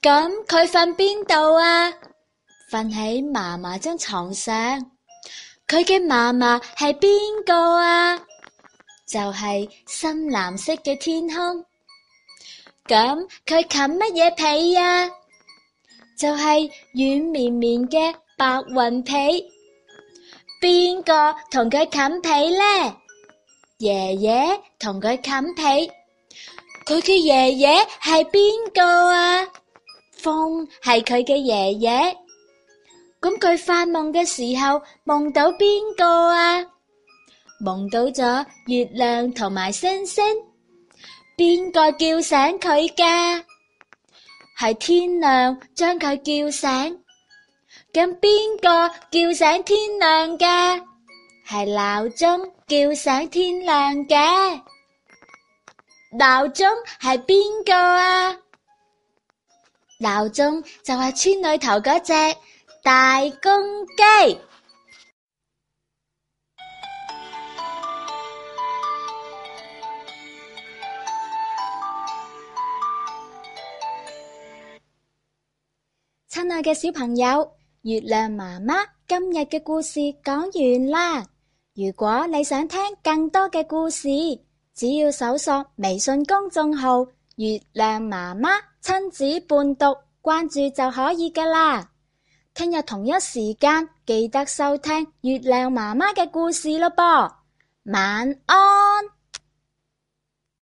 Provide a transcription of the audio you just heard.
咁佢瞓邊度啊？瞓喺嫲嫲張床上。佢嘅嫲嫲係邊個啊？就係深藍色嘅天空。咁佢冚乜嘢被啊？就係軟綿綿嘅白雲被。邊個同佢冚被呢？爺爺同佢冚被。佢嘅爺爺係邊個啊？風係佢嘅爺爺，咁佢發夢嘅時候夢到邊個啊？夢到咗月亮同埋星星。邊個叫醒佢噶？係天亮將佢叫醒。咁邊個叫醒天亮噶？係鬧鐘叫醒天亮嘅。鬧鐘係邊個啊？鬧鐘就係村裏頭嗰隻大公雞。親愛嘅小朋友，月亮媽媽今日嘅故事講完啦！如果你想聽更多嘅故事，只要搜索微信公眾號。月亮媽媽親子伴讀，關注就可以㗎喇。聽日同一時間記得收聽月亮媽媽嘅故事囉噃。晚安。